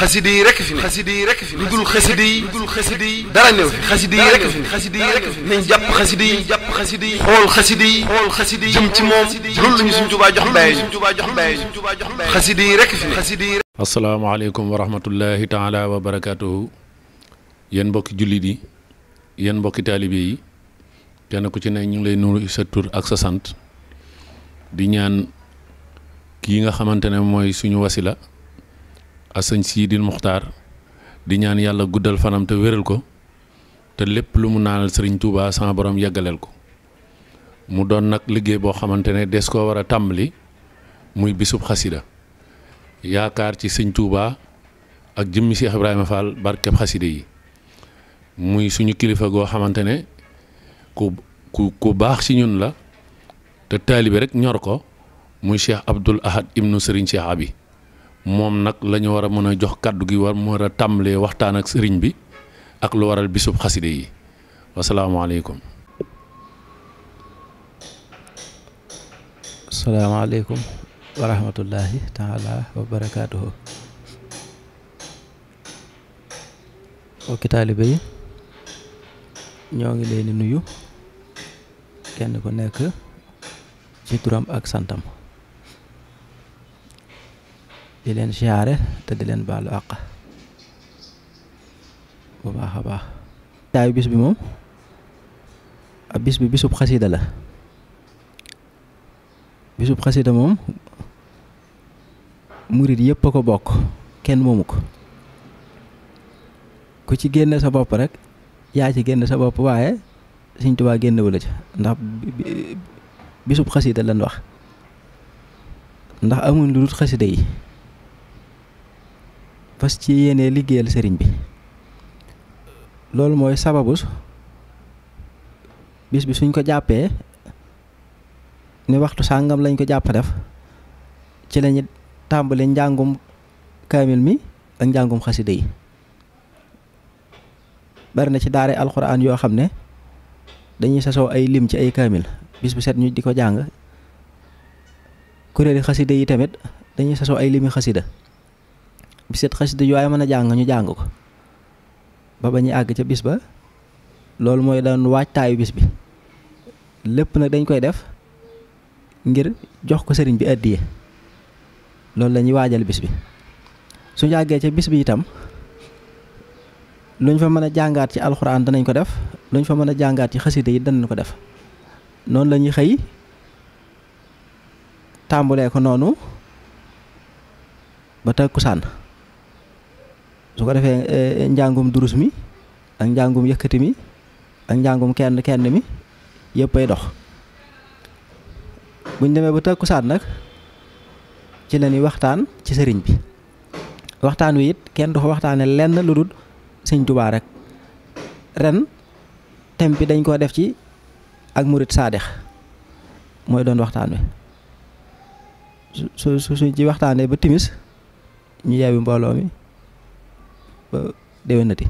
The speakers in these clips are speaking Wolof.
xaside yi rek fi ne xaside yi rek fi ne lu yi lu fi ne xaside yi ne nañ jàpp xaside yi jàpp xaside yi xool xaside yi xool xaside yi jëm ci moom loolu rek fi wa rahmatullahi taala wa barakaatuhu yéen mbokki jullit yi yéen mbokki taalibe yi kenn ko ci ne ñu ngi lay nuyu sa tur ak sa sant di ñaan kii nga xamante ne mooy suñu wasila a sëñ di Muxtaar di ñaan yàlla guddal fanam te wéral ko te lépp lu mu naanal sëriñ Touba sama boroom yeggaleel ko mu doon nag liggéey boo xamante ne des koo war a tàmbali muy bisub xasida yaakaar ci sëñ Touba ak jëmmi Cheikh Ibrahima Fall barkeb xasida yi muy suñu kilifa goo xamante ne ku ku ku baax ci ñun la te taalibe rek ñor ko muy Cheikh Abdoul Ahad ibnu sëriñ Cheikh bi moom nag lañu ñu war a mën a jox kàddu gi war mu a tàmbalee waxtaan ak sëriñ bi ak lu waral bisub xaside yi wasalaamaaleykum. asalaamaaleykum wa rahmatullahi wa barakaatuhu. mbokki taalibe yi ñoo ngi leen di nuyu kenn ku nekk ci turam ak santam. di leen siyaare te di leen baalu àq bu baax a baax taayu bis bi moom ab bis bi bisub xasida la bisub xasida moom murit yépp a ko bokk kenn moomu ko ku ci génn sa bopp rek yaa ci génn sa bopp waaye Sëñ Tuubaa génnewu la ca ndax bisub xasida lan wax ndax amuñ lu dul xasida yi fas ci yéene liggéeyal sëriñ bi loolu mooy sababus bis bi suñ ko jàppee ni waxtu sàngam lañ ko jàpp def ci lañu tàmbali njàngum kaamil mi ak njàngum xasida yi bari na ci daare alxuraan yoo xam ne dañuy sasoo ay lim ci ay kaamil bis bu set ñu di ko jàng kuréeli xasida yi tamit dañuy sasoo ay limi xasida bi seet xasida yu waaye mën a jàng ñu jàng ko ba ba ñuy àgg ca bis ba loolu mooy daan waajtaayu bis bi lépp nag dañ koy def ngir jox ko sëriñ bi addiye loolu lañuy waajal bis bi suñu àggee ca bis bi itam luñ fa mën a jàngaat ci alxuraan danañ ko def luñ fa mën a jàngaat ci xasida yi danañ ko def noonu lañuy xëy tàmbulee ko noonu ba sànn su ko defee eh, eh, njàngum durus mi ak njàngum yëkkati mi ak njàngum kenn kenn mi yëpp ay dox buñ demee ba tàkkusaan nag ci la ñuy waxtaan ci sëriñ bi waxtaan wi it kenn du ko waxtaane lenn lu dul sëñ Tuubaa rek ren thème bi dañ koo def ci ak murit saadix mooy doon waxtaan wi su su suñ ci waxtaanee ba timis ñu yebbi mbooloo mi ba déwénati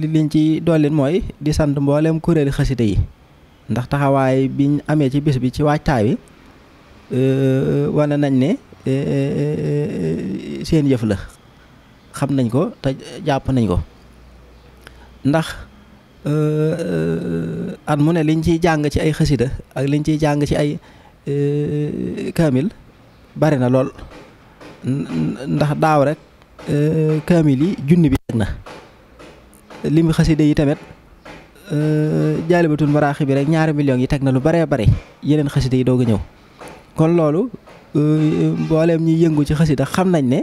li liñ ci dollin mooy di sant mbooleem kuréeli xasida yi ndax taxawaay biñ amee ci bis bi ci waajtaay wi e, wane nañ ne e, e, seen yëf la xam nañ ko te jàpp nañ ko ndax at mu ne liñ ciy jàng ci ay xasida ak liñ ciy jàng ci ay kaamil bari na lool ndax daaw rek euh, kaamil yi junni bi yegg na limu xaside yi tamit euh, jaalibatul maraaxi bi rek ñaari millions yi teg na lu bare bare yeneen xaside yi doog a ñëw kon loolu euh, mbooleem ñi yëngu ci xasida xam nañ ne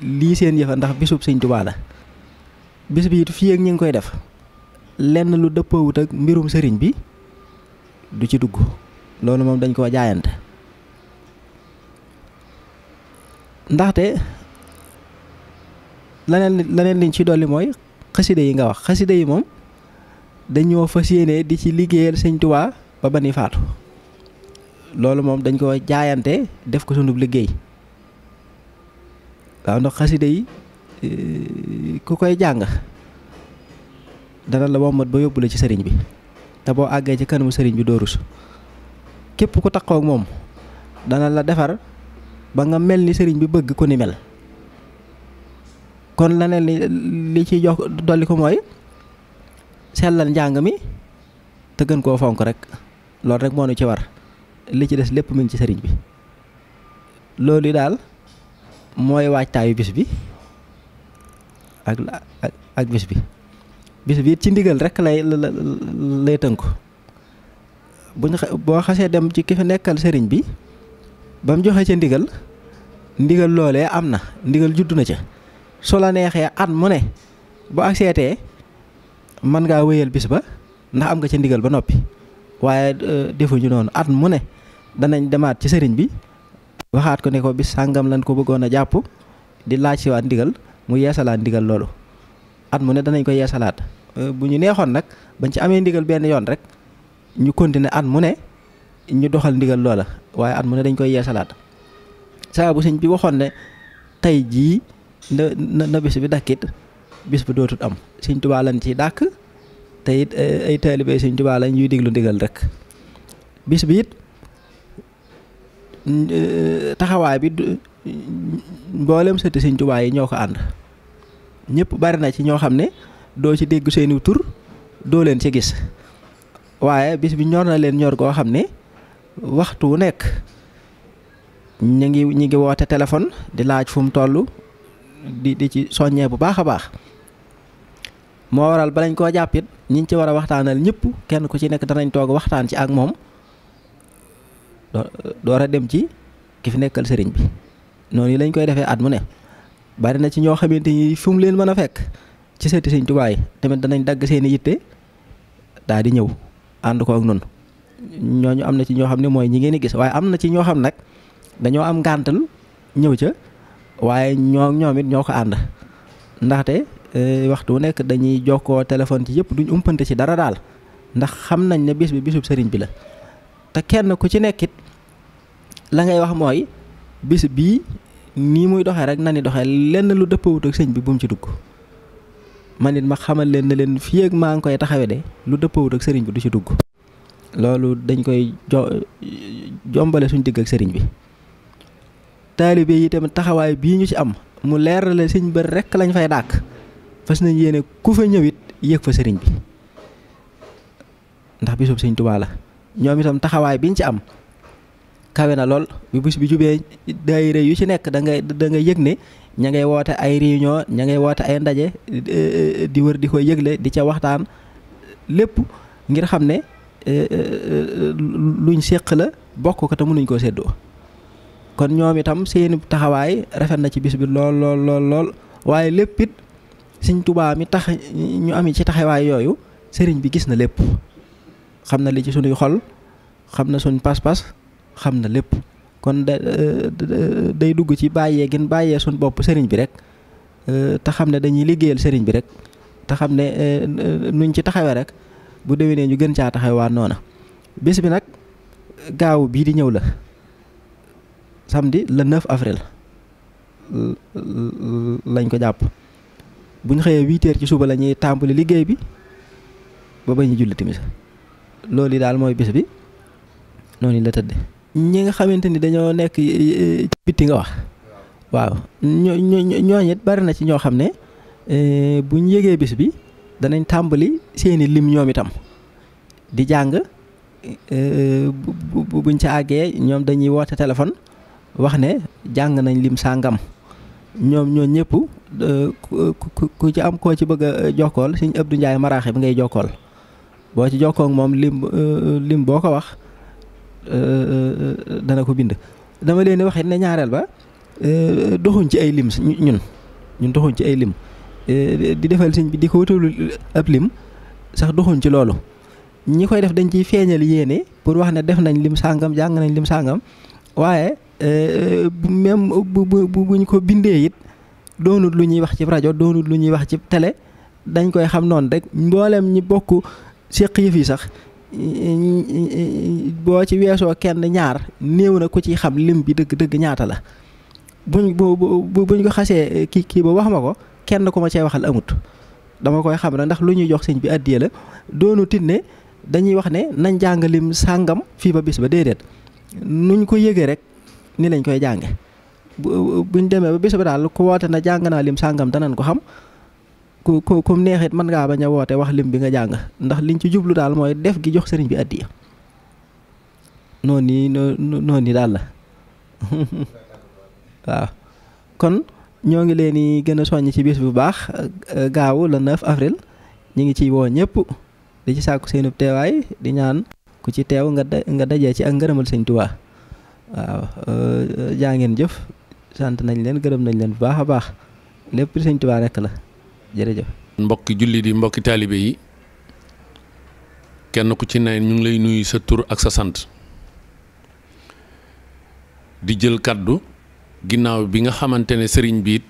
lii seen yëfa ndax bisub sëñ Tuubaa bis bi it fii ak ñi ngi koy def lenn lu dëppoowut ak mbirum sëriñ bi du ci dugg loolu moom dañ koo jaayante ndaxte laneen laneen liñ ci dolli mooy xasida yi nga wax xasida yi moom dañoo fas yéene di ci liggéeyal sëñ Tuubaa ba ba ni faatu loolu moom dañ ko jaayante def ko sunub liggéey waaw ndax xasida yi eh, ku koy jàng dana la wommat ba yóbbu la ci sëriñ bi te boo àggee ci kanamu sëriñ bi doo rus képp ku takkoo moom dana la defar ba nga mel ni sëriñ bi bëgg ku ni mel kon leneen li li ciy jox dolli ko mooy sellal njàng mi te gën koo fonk rek loolu rek moo nu ci war li ci des lépp mu ci sëriñ bi loolu yi daal mooy waajtaayu bis bi ak ak bis bi bis bi ci ndigal rekk lay lay tënku bu boo xasee dem ci ki fi nekkal sëriñ bi ba mu joxe ca ndigal ndigal loolee am na ndigal juddu na ca su la neexee at mu ne bu ak seetee mën ngaa wéyal bis ba ndax am nga ca ndigal ba noppi waaye euh, defuñu noonu at mu ne danañ demaat ci sëriñ bi waxaat ko ne ko bis sàngam lañ ko bëggoon a jàpp di laaj ndigal mu yeesalaat ndigal loolu at mu ne danañ ko yeesalaat euh, bu ñu neexoon nag bañ ci amee ndigal benn yoon rek ñu continuer at mu ne. ñu doxal ndigal loola waaye at mu ne dañ koy yeesalaat saa bu sëñ bi waxoon ne tey jii na na bis bi dakkit bis bu dootut am sëñ tubaa lañ te it eh, ay taalibe sëñ tubaa lañ yuy diglu ndigal rek bis bi it eh, taxawaay bi mboolem sëti sëñ tubaa yi ñoo ko ànd ñëpp bari na ci ñoo xam ne doo ci déggu seeni tur doo leen ci gis waaye bis bi ñor na leen ñor goo xam ne waxtu wu nekk ñu ngi ñu ngi woote téléphone di laaj fu mu toll di di ci soññee bu baax a baax moo waral ba balañ koo jàppit ñi ci war a waxtaanal ñëpp kenn ku ci nekk danañ toog waxtaan ci ak moom door a dem ci ki fi nekkal sëriñ bi noonu lañ koy defee at mu ne bari na ci ñoo xamante ñi fu leen mën a fekk ci seeti sëriñ Tuubaa tamit danañ dagg seeni yitte daal di ñëw ànd ko ak noonu ñooñu am na ci ñoo xam ne mooy ñi ngeen di gis waaye am na ci ñoo xam nag dañoo am ngàntal ñëw ca waaye ñoo ñoom it ñoo ko ànd ndaxte eh, waxtu wu nekk dañuy jokkoo téléphone ci yëpp duñ umpante ci dara daal ndax xam nañ ne bis bi bisub sëriñ bi la te kenn ku ci nekkit la ngay wax mooy bis bii nii muy doxee rek na ni doxee lenn lu dëppawut ak sëñ bi bu mu ci dugg man it ma xamal leen ne leen fii ak maa ngi koy taxawe de lu dëppawut ak sëriñ bi du ci dugg loolu dañ koy jo jombale suñ digg ak sëriñ bi taalibe yi tamit taxawaay bii ñu ci am mu leer la sëñ rekk lañ fay dàq fas nañ yéene ku fa ñëwit yéeg fa sëriñ bi ndax bisub sëñ Tuubaa la ñoom taxawaay biñ ci am kawe na lool bi bis bi jubee daayira yu ci nekk da ngay da yëg ne ña ngay woote ay réunion ña ngay woote ay ndaje di wër di koy yëgle di ca waxtaan lépp ngir xam ne Eh, eh, eh, luñ séq la bokk ko te mënuñ koo séddoo kon ñoom itam seeni taxawaay rafet na ci bis bi lool lool lool waaye lépp it Sëriñ Tuubaa mi tax ñu am ci taxawaay yooyu sëriñ bi gis na lépp xam na li ci sunuy xol xam na suñ pas-pas xam na lépp kon da day dugg ci bàyyee gën bàyyee suñ bopp sëriñ bi rek te xam ne dañuy liggéeyal sëriñ bi rek te xam ne nuñ ci taxawee rek bu déwénee ñu gën caa taxawaat noona bés bi nag gaaw bii di ñëw la samedi le 9 avril lañ ko jàpp bu ñu xëyee huit ci suba la ñuy tàmbali liggéey bi ba ba ñu julli timis loolu yi daal mooy bés bi noonu la tëdd ñi nga xamante ni dañoo nekk eh, eh, ci bitti nga wax waaw ñoo ñoo ñooñu it bari na ci ñoo xam ne eh, bu ñu yëgee bés bi. danañ tàmbali seeni lim ñoom itam di jàng euh, bu buñ ca àggee ñoom dañuy woote téléphone wax ne jàng nañ lim sàngam ñoom ñoo ñëpp euh, ku ci am koo ci bëgg a euh, jokkool sëñ Abdou njaay maraaxe bi ngay jokkool boo ci jokkook moom lim lim boo ko wax dana ko bind. dama leen di wax ne ñaareel ba doxuñ ci ay lim ñun ñun doxuñ ci ay lim. Eh, di defal sëñ bi di ko wutalu ab lim sax doxuñ ci loolu ñi koy def dañ ciy feeñal yéene pour wax ne def nañ lim sàngam jàng nañ lim sàngam waaye eh, même bu bu buñ ko bindee it doonut lu ñuy wax ci rajo doonut lu ñuy wax ci tele dañ koy xam noonu rek mboolem ñi bokk séq yëf yi sax boo ci weesoo kenn ñaar néew na ku ci xam lim bi dëgg dëgg ñaata la buñ bu buñ ko xasee eh, kii kii ba wax ma ko. kenn ku ma cay waxal amut dama koy xam ne ndax lu ñuy jox sëñ bi addiya la doonu tinne dañuy wax ne nañ lim sàngam fii ba bis ba déedéet nuñ ko yëgee rek ni lañ koy jànge buñ demee ba bis ba daal ku woote na jàng naa lim sàngam danan ko xam ku ku ku neexit mën ngaa ba ña woote wax lim bi nga jàng ndax liñ ci jublu daal mooy def gi jox sëriñ bi addiya noonu nii noonu nii daal la waaw ñoo ngi leen di gën a soññ ci biis bu baax euh, gaaw le 9 avril ñu ngi ciy woo ñëpp di ci sàkku seenub teewaay di ñaan ku ci teew nga nga dajee ci ak ngërëmal sëñ Tuubaa waaw euh, jaa ngeen jëf sant nañ leen gërëm nañ leen bu baax a baax lépp sëñ Tuubaa rekk la jërëjëf. mbokki julli di mbokki taalibe yi kenn ku ci ne ñu ngi lay nuyu sa tur ak sa sant di jël kàddu ginnaaw bi nga xamante ne sëriñ bi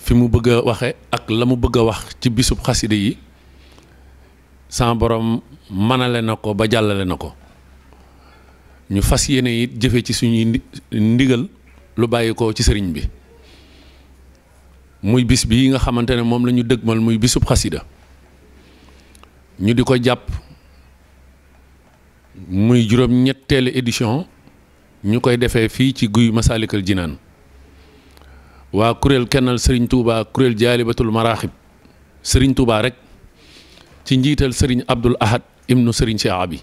fi mu bëgg a waxe ak la mu bëgg a wax ci bisub xasida yi sama boroom manale na ko ba jàllale na ko ñu fas yéene it jëfe ci suñuy ndigal lu bàyyi ko ci sëriñ bi muy bis bii nga xamante ne moom la ñu dëgmal muy bisub xasida ñu di ko jàpp muy juróom ñetteelu édition ñu koy defee fii ci guy Masaalikal Jinaan waa kuréel kennal sëriñ Touba kuréel jaalibatul maraaxib sëriñ Touba rek ci njiital Serigne Abdul Ahad ibnu Serigne si Abi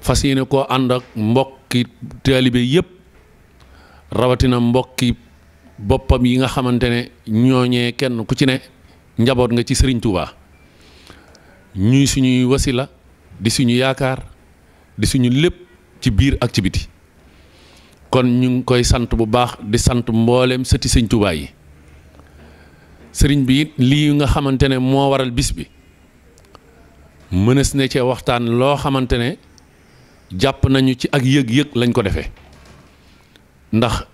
fas yéene koo ànd ak mbokki taalibe yëpp rawatina mbokki boppam yi nga xamante ne ñooñee kenn ku ci ne njaboot nga ci sëriñ Touba ñuy suñuy wasila di suñu yaakaar di suñu lépp ci biir ak ci biti kon ñu ngi koy sant bu baax di sant mbooleem sëti sëñ yi sëriñ bi it lii nga xamante ne moo waral bis bi mënees na cee waxtaan loo xamante ne jàpp nañu ci ak yëg-yëg lañ ko defee ndax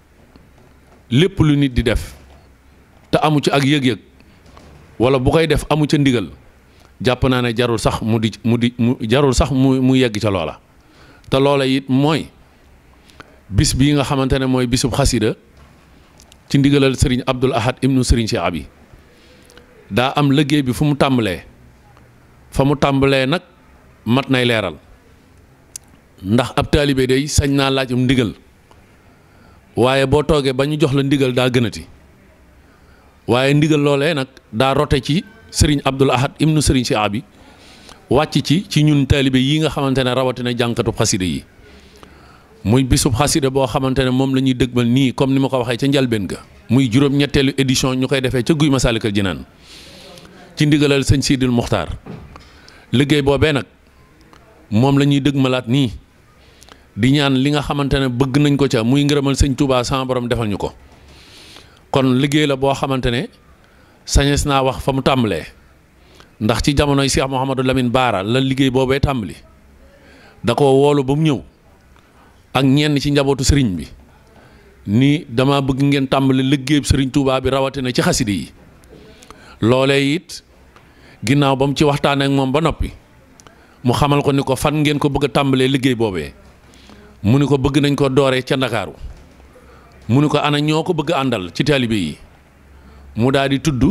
lépp lu nit di def te amu ci ak yëg-yëg walla bu koy def amu ca ndigal jàpp naa ne jarul sax mu di mu di mu jarul sax mu mu yegg ca loola te loola it mooy bis bi nga xamante ne mooy bisub xasida ci ndigalal sëriñ Abdul Ahad ibnu sëriñ Cheikh Abi daa am liggéey bi fu mu tàmbalee fa mu tàmbalee nag mat nay leeral ndax ab taalibe day sañ naa laaj ndigal waaye boo toogee ba ñu jox la ndigal daa gënati waaye ndigal loolee nag daa rote ci sëriñ Abdul Ahad nu sëriñ si Abi wàcc ci ci ñun taalibe yi nga xamante ne rawatina jànkatu xasida yi muy bisub xasida boo xamante ne moom la ñuy ma nii comme ni ma ko waxee ca njalbeen ga muy juróom-ñetteelu édition ñu koy defee ca guy Masaalikal Jinaan ci ndigalal sëñ Sidil Muxtaar liggéey boobee nag moom la ñuy dëgmalaat nii di ñaan li nga xamante ne bëgg nañ ko ca muy ngërëmal sëñ Touba sama borom defal ñu ko kon liggéey la boo xamante ne sañes naa wax fa mu tàmbalee ndax ci jamonoy Cheikh Mouhamadou Lamine Baara la liggéey boobee tàmbali da ko ba mu ñëw. ak ñenn ci njabootu sëriñ bi nii dama bëgg ngeen tàmbali liggéeyub sëriñ Touba bi rawatina ci xaside yi loolee it ginnaaw ba mu ci waxtaan moom ba noppi mu xamal ko ni ko fan ngeen ko bëgg tàmbalee liggéey boobee mu ni ko bëgg nañ ko dooree ca ndakaaru mu ni ko ana ñoo ko bëgg àndal ci taalibe yi mu daal di tudd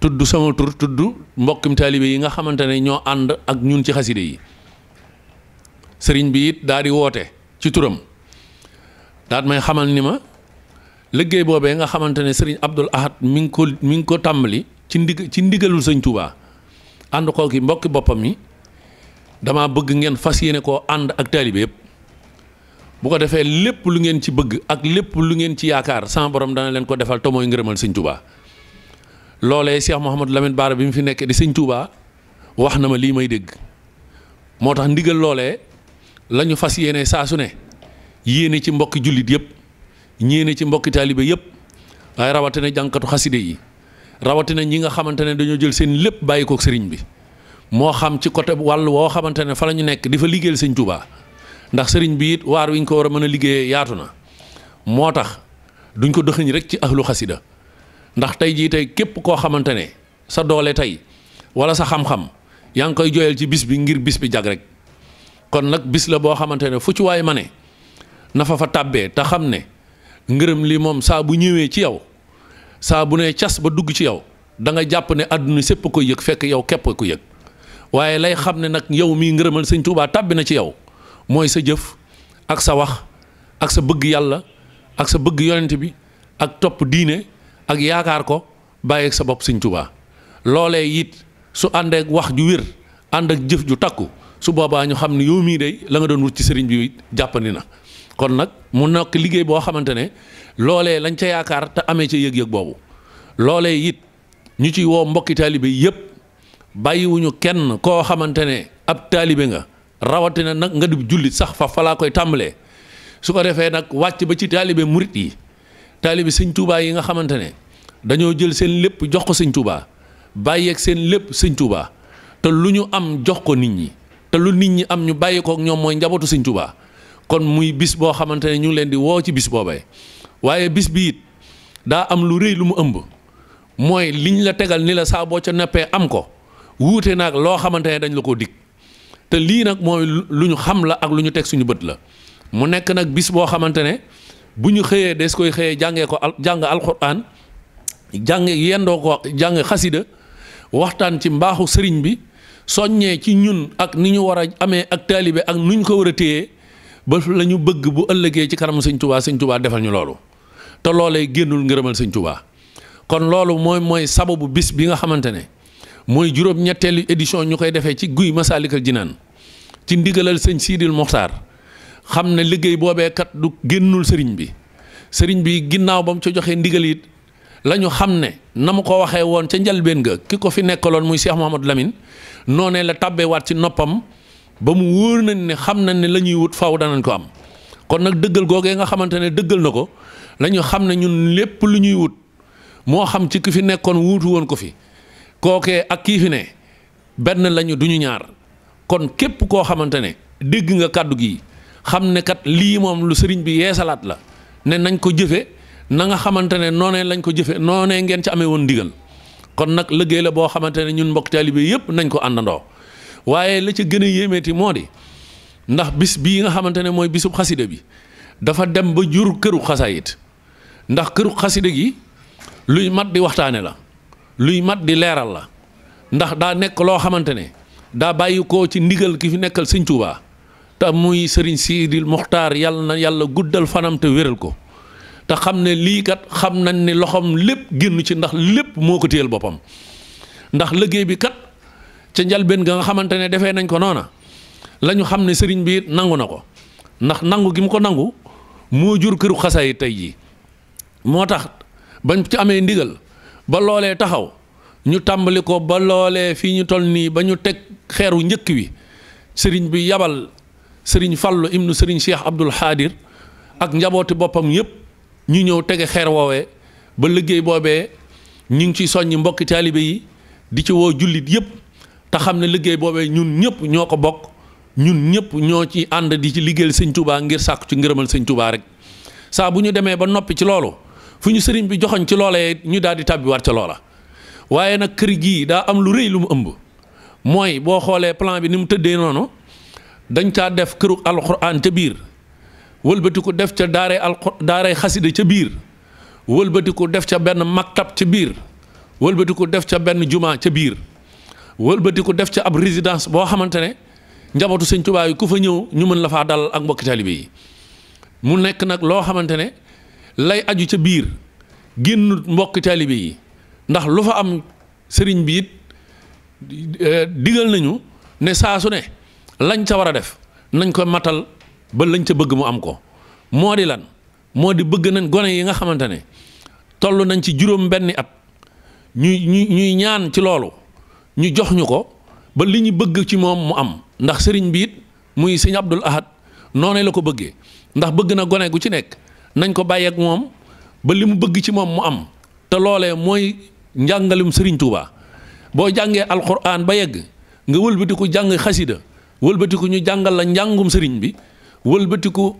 tudd sama tur tudd mbokkim taalibe yi nga xamante ne ñoo ànd ak ñun ci xaside yi sëriñ bi it daal di woote ci turam daat may xamal ni ma liggéey boobee nga xamante ne sëriñ Abdul Ahad mi ngi ko mi ngi ko tàmbali ci ci ndigalul sëñ Touba ànd koo ki mbokki boppam yi dama bëgg ngeen fas yéene koo ànd ak taalibe yëpp bu ko defee lépp lu ngeen ci bëgg ak lépp lu ngeen ci yaakaar sama borom dana leen ko defal te mooy ngërëmal sëñ Touba loolee Cheikh Mouhamadou Lamine Bara bi mu fi nekk di sëñ Touba wax na ma lii may dégg moo tax ndigal loolee la ñu fas yéene saa su ne yéene ci mbokki jullit yëpp ñéene ci mbokki taalibe yëpp waaye rawatina jànkatu xaside yi rawatina ñi nga xamante ne dañoo jël seen lépp bàyyi ko sëriñ bi moo xam ci côté wàll woo xamante ne fa la ñu nekk di fa liggéeyal sëñ Touba ndax sëriñ bi it waar wi ñu ko war a mën a liggéeyee yaatu na moo tax duñ ko dëxëñ rek ci ahlu xasida ndax tey jii tey képp koo xamante ne sa doole tey wala sa xam-xam yaa ngi koy joyal ci bis bi ngir bis bi jag rek. kon nag bis la boo xamante ne fu ci waay ma ne na fa fa tàbbee te xam ne ngërëm lii moom saa bu ñëwee ci yow saa bu ne cas ba dugg ci yow da nga jàpp ne àdduna sépp ko yëg fekk yow képp ko yëg waaye lay xam ne nag yow mii ngërëmal sëñ Tuubaa tàbbi na ci yow mooy sa jëf ak sa wax ak sa bëgg yàlla ak sa bëgg yonent bi ak topp diine ak yaakaar ko bàyyeeg sa bopp sëñ Tuubaa loolee it su àndeek wax ju wér ànd ak jëf ju takku su boobaa ñu xam ne yow mii day la nga doon wut ci sëriñ bi jàppandi na kon nag mu nekk liggéey boo xamante ne loolee lañ ca yaakaar te amee ca yëg-yëg boobu loolee it ñu ci woo mbokki taalibe yëpp bàyyiwuñu kenn koo xamante ne ab taalibe nga rawatina nag nga dib jullit sax fa falaa koy tàmbalee su ko defee nag wàcc ba ci taalibe murit yi taalibe sëñ Tuubaa yi nga xamante ne dañoo jël seen lépp jox ko sëñ Tuubaa bàyyeeg seen lépp sëñ Tuubaa te lu ñu am jox ko nit ñi lu nit ñi am ñu bàyyi kook ñoom mooy njabootu sëñ Tuubaa kon muy bis boo xamante ne ñu ngi leen di woo ci bis boobee waaye bis bi it daa am lu rëy lu mu ëmb mooy liñ la tegal ni la saaboo ca neppee am ko wuute nag loo xamante ne dañ la ko dikk te lii nag mooy lu ñu xam la ak lu ñu teg suñu bët la mu nekk nag bis boo xamante ne bu ñu xëyee des koy xëyee jànge ko al jàng alxuraan jàng yendoo ko jàng xasida waxtaan ci mbaaxu sëriñ bi soññee ci ñun ak ni ñu war a amee ak taalibe ak nu ñu ko war a téye ba la ñu bëgg bu ëllëgee ci kanamu sëñ Touba sëñ Touba defal ñu loolu te loolee génnul ngërëmal sëñ Touba kon loolu mooy mooy sababu bis bi nga xamante ne mooy juróom-ñetteelu édition ñu koy defee ci guy Masaalikal Jinaan ci ndigalal sëñ Siidil Moxtaar xam ne liggéey boobee kat du génnul sëriñ bi sëriñ bi ginnaaw ba mu ca joxee ndigal yit la ñu xam ne na mu ko waxee woon ca njalbeen ga ki ko fi nekkaloon muy Cheikh Mouhamadou Lamine noonee la tàbbewaat ci noppam ba mu wóor nañ ne xam nañ ne la ñuy wut faaw danañ ko am kon nag dëggal googee nga xamante ne dëggal na ko la xam ne ñun lépp lu ñuy wut moo xam ci ki fi nekkoon wuutu woon ko fi kookee ak kii fi ne benn lañu du ñu ñaar kon képp koo xamante ne dégg nga kàddu gi xam ne kat lii moom lu sëriñ bi yeesalaat la ne nañ ko jëfe na nga xamante ne noonee lañ ko jëfee noonee ngeen ci amee woon ndigal kon nag liggéey la boo xamante ne ñun mbokk taalibe yëpp nañ ko àndandoo waaye la ca gën a yéemeeti moo di ndax bis bii nga xamante ne mooy bisub xasida bi dafa dem ba jur këru xasaayit ndax këru xaside gi luy mat di waxtaane la luy mat di leeral la ndax daa nekk loo xamante ne daa bàyyi ko ci ndigal ki fi nekkal sëñ Tuubaa te muy sëriñ Siidil Muxtaar yàlla na yàlla guddal fanam te wéral ko te xam ne lii kat xam nañ ni loxoom lépp génn ci ndax lépp moo ko téyel boppam ndax liggéey bi kat ca njalbeen ga nga xamante ne defee nañ ko noona la ñu xam ne sëriñ bi nangu na ko ndax nangu gi mu ko nangu moo jur këru xasaay tey jii moo tax bañ ci amee ndigal ba loolee taxaw ñu tàmbali ko ba loolee fii ñu toll nii ba ñu teg xeeru njëkk wi sëriñ bi yabal sëriñ Fallu ibnu sëriñ Cheikh Abdul Xaadir ak njabooti boppam yëpp. ñu ñëw tege xeer woowe ba liggéey boobee ñu ngi ciy soññ mbokki taalibe yi di ci woo jullit yëpp te xam ne liggéey boobee ñun ñëpp ñoo ko bokk ñun ñëpp ñoo ci ànd di ci liggéeyal sëñ tubaa ngir sàkku ci ngërëmal sëñ Touba rek saa bu ñu demee ba noppi ci loolu fu ñu sëriñ bi joxoñ ci loolee ñu daal di tàbbiwaat ca loola. waaye nag kër gi daa am lu rëy lu mu ëmb mooy boo xoolee plan bi ni mu tëddee noonu dañ caa def këru alxuraan ca biir. wëlbati def ca daaray alqur daaray xasida ca biir wëlbati def ca benn maktab ca biir wëlbati def ca benn juma ca biir wëlbati def ca ab résidence boo xamante ne njabootu sëñ ku fa ñëw ñu mën la faa dalal ak mbokki taalibe yi mu nekk nag loo xamante ne lay aju ca biir génn mbokki taalibe yi ndax lu fa am sëriñ bi it eh, digal nañu ne saasu ne lañ ca war a def nañ ko matal ba lañ ca bëgg mu am ko moo di lan moo di bëgg nañ gone yi nga xamante ne toll nañ ci juróom benni at ñuy ñuy ñaan ci loolu ñu jox ñu ko ba li ñu bëgg ci moom mu am ndax sëriñ biit muy sëñ Abdul Ahad noonee la ko bëggee ndax bëgg na gone gu ci nekk nañ ko bàyyi ak moom ba li mu bëgg ci moom mu am te loolee mooy njàngalum sëriñ Touba boo jàngee alquran ba yegg nga wëlbatiku jàng xasida wëlbatiku ñu jàngal la njàngum sëriñ bi. wëlbatiku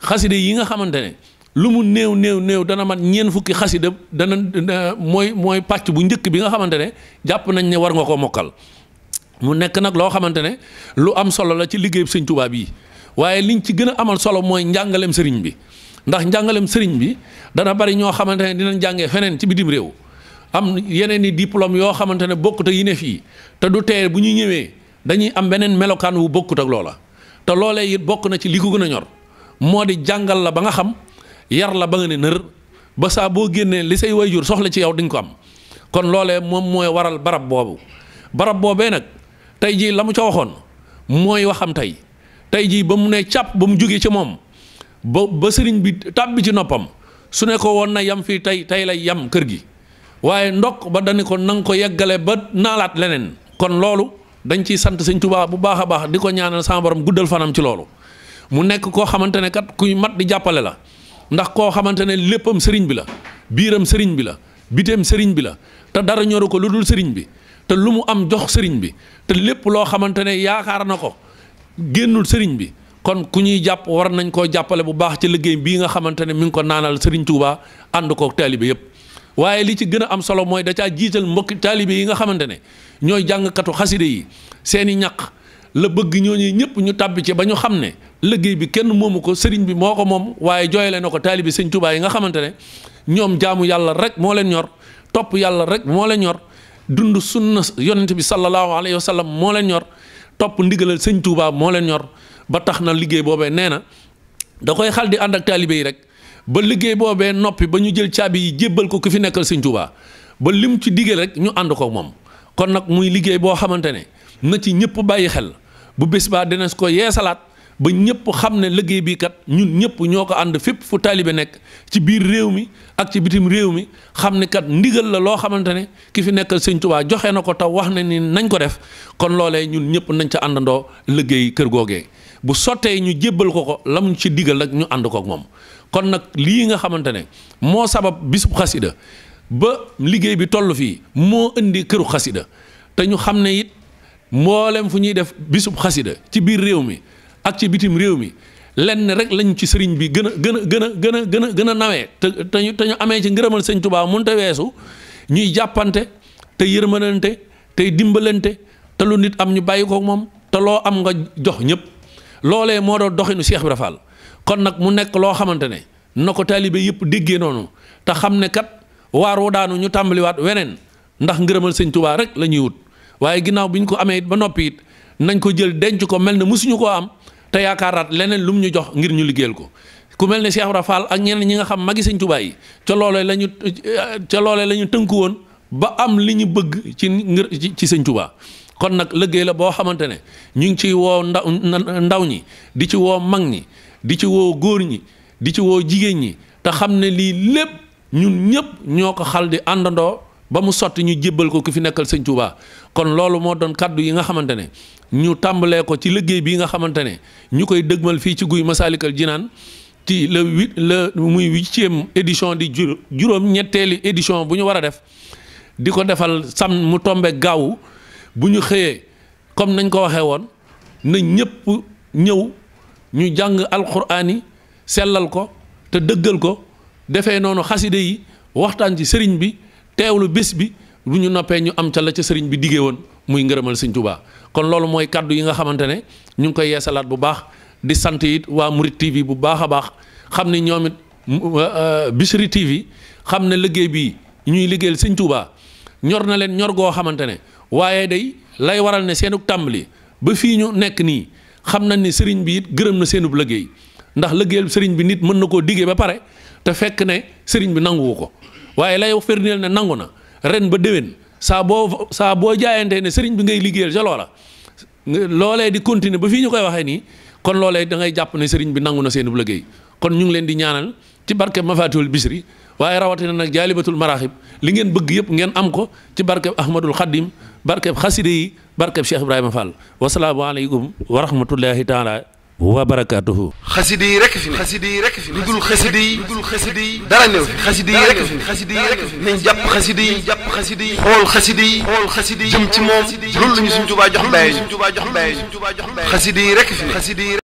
xasida yi nga xamante ne lu mu néew néew néew dana man ñeen fukki xasida dana mooy mooy pàcc bu njëkk bi nga xamante ne jàpp nañ ne war nga ko mokkal mu nekk nag loo xamante ne lu am solo la ci liggéey sëñ Tuubaa yi waaye liñ ci gën a amal solo mooy njàngalem sëriñ bi ndax njàngalem sëriñ bi dana bari ñoo xamante ne dinañ jàngee feneen ci bitim réew am yeneen i diplôme yoo xamante ne bokkut ak yi ne fii te du tee bu ñu ñëwee dañuy am beneen melokaan wu bokkut ak loola. te loolee it bokk na ci li ko gën a ñor moo di jàngal la ba nga xam yar la ba nga ne nër ba saa boo génnee li say wayjur soxla ci yow di ko am kon loolee moom mooy waral barab boobu barab boobee nag tey jii la mu ca waxoon mooy waxam tey tey jii ba mu ne càpp ba mu jógee ci moom ba ba sëriñ bi tàbbi ci noppam su ne ko woon na yam fii tey tey lay yam kër gi waaye ndokk ba dani ko na nga ko yeggale ba naalaat leneen kon loolu dañ ciy sant sëñ Tuubaa bu baax a baax di ko ñaanal sama borom guddal fanam ci loolu mu nekk koo xamante ne kat kuy mat di jàppale la ndax koo xamante ne léppam sëriñ bi la biiram sëriñ bi la biteem sëriñ bi la te dara ñoru ko lu dul sëriñ bi te lu mu am jox sëriñ bi te lépp loo xamante ne yaakaar na ko génnul sëriñ bi kon ku ñuy jàpp war nañ koo jàppale bu baax ci liggéey bii nga xamante ne mi ngi ko naanal sëriñ Tuubaa ànd koog taalibe yépp waaye li ci gën a am solo mooy da caa jiital mbokk taalibe yi nga xamante ne ñooy jàngkatu xaside yi seeni ñaq la bëgg ñooñu ñëpp ñu tàbbi ci ba ñu xam ne liggéey bi kenn moomu ko sëriñ bi moo ko moom waaye jooyale na ko taalibe sëñ Tuubaa yi nga xamante ne ñoom jaamu yàlla rek moo leen ñor topp yàlla rek moo leen ñor dund sunna yonent bi sallallahu alayhi wa sallam moo leen ñor topp ndigalal sëñ Tuubaa moo leen ñor ba tax na liggéey boobee nee na da koy xal di ànd ak taalibe yi rek ba liggéey boobee noppi ba ñu jël caabi yi jébbal ko ku fi nekkal sëñ Tuubaa ba lim ci diggee rek ñu ànd ko moom kon nag muy liggéey boo xamante ne na ci ñëpp bàyyi xel bu bés baa ko yeesalaat ba ñëpp xam ne liggéey bi ñun ñëpp ñoo ko ànd fépp fu taalibe nekk ci biir réew mi ak ci bitim réew mi xam ne kat ndigal la loo xamante ne ki fi nekkal sëñ joxe na ko taw wax na ni nañ ko def kon loolee ñun ñëpp nañ ca àndandoo liggéey kër googee bu sottee ñu jébbal ko ko lam ci digal rek ñu ànd kook moom kon nag lii nga xamante ne moo sabab bisub xasida ba liggéey bi toll fii moo indi këru xasida te ñu xam ne it mboolem fu ñuy def bisub xasida ci biir réew mi ak ci bitim réew mi lenn rek lañ ci sëriñ bi gën a gën a gën a gën a gën a gën a nawee te te ñu te ñu amee ci ngërëmal sëñ Tuubaa mun te weesu ñuy jàppante te yërmanante tey dimbalante te lu nit am ñu bàyyi ko moom te loo am nga jox ñëpp loolee moo doon doxinu Cheikh Ibra Fall kon nag mu nekk loo xamante ne na ko taalibe yëpp déggee noonu te xam ne kat waar wu daanu ñu tàmbaliwaat weneen ndax ngërëmal sëñ Tuubaa rek la ñuy wut waaye ginnaaw bi ñu ko amee it ba noppi it nañ ko jël denc ko mel ne musuñu koo am te yaakaaraat leneen lu mu ñu jox ngir ñu liggéeyal ko ku mel ne Cheikh Ibra Fall ak ñeneen ñi nga xam magi sañ Tuubaa yi ca loolee la ñu ca loolee la ñu tënku woon ba am li ñu bëgg ci ngir ci sëñ kon nag liggéey la boo xamante ne ñu ngi ciy woo ndaw ndaw ñi di ci woo mag ñi di ci woo góor ñi di ci woo jigéen ñi te xam ne lii lépp ñun ñëpp ñoo ko xal di àndandoo ba mu sotti ñu jébbal ko ki fi nekkal sëñ Touba kon loolu moo doon kàddu yi nga xamante ne ñu tàmbalee ko ci liggéey bi nga xamante ne ñu koy dëgmal fii ci guy Masaalikal Jinaan ci le huit le muy huitième édition di juróom ñetteeli édition bu ñu war a def di ko defal sam mu tombe gaawu bu ñu xëyee comme nañ ko waxee woon na ñëpp ñëw ñu jàng alxuraan yi sellal ko te dëggal ko defe noonu xaside yi waxtaan ci sëriñ bi teewlu bés bi lu ñu noppee ñu am ca la ca sëriñ bi diggee woon muy ngërëmal sëñ Tuubaa kon loolu mooy kàddu yi nga xamante ne ñu ngi koy yeesalaat bu baax di sant it waa Murit TV bu baax a baax xam ne ñoom it euh, euh, Bichri TV xam ne liggéey bi ñuy liggéeyal sëñ Tuubaa ñor na leen ñor goo xamante ne waaye day lay waral ne seenu tàmbali ba fii ñu nekk nii xam nañ ni sëriñ bi it gërëm na seenub liggéey ndax liggéeyal sëriñ bi nit mën na koo diggee ba pare te fekk ne sëriñ bi nanguwu ko waaye lay firndeel ne nangu na ren ba déwén saa boo saa boo jaayantee ne sëriñ bi ngay liggéeyal ca loola loolee di continuer ba fii ñu koy waxee nii kon loolee da ngay jàpp ne sëriñ bi nangu na seenub liggéey kon ñu ngi leen di ñaanal ci barkeb Mafatihul Bichri waaye rawatina nag jaalibatul maraaxib li ngeen bëgg yëpp ngeen am ko ci barkeb Ahmadul Xaddim barkeb xaside yi barkeb Cheikh Ibrahima Fall wasalaamualeykum wa rahmatullahi taala wa barakaatuhu. xaside yi rek fi ne. xaside yi rek fi ne. lu dul xaside yi. lu dul xaside yi. dara néew fi. xaside yi rek fi ne. xaside yi rek fi ne. nañ jàpp xaside xool xaside yi. xool xaside yi. jëm ci moom. loolu la ñu suñ Tuubaa jox mbéy mi. loolu la ñu suñ Tuubaa jox mbéy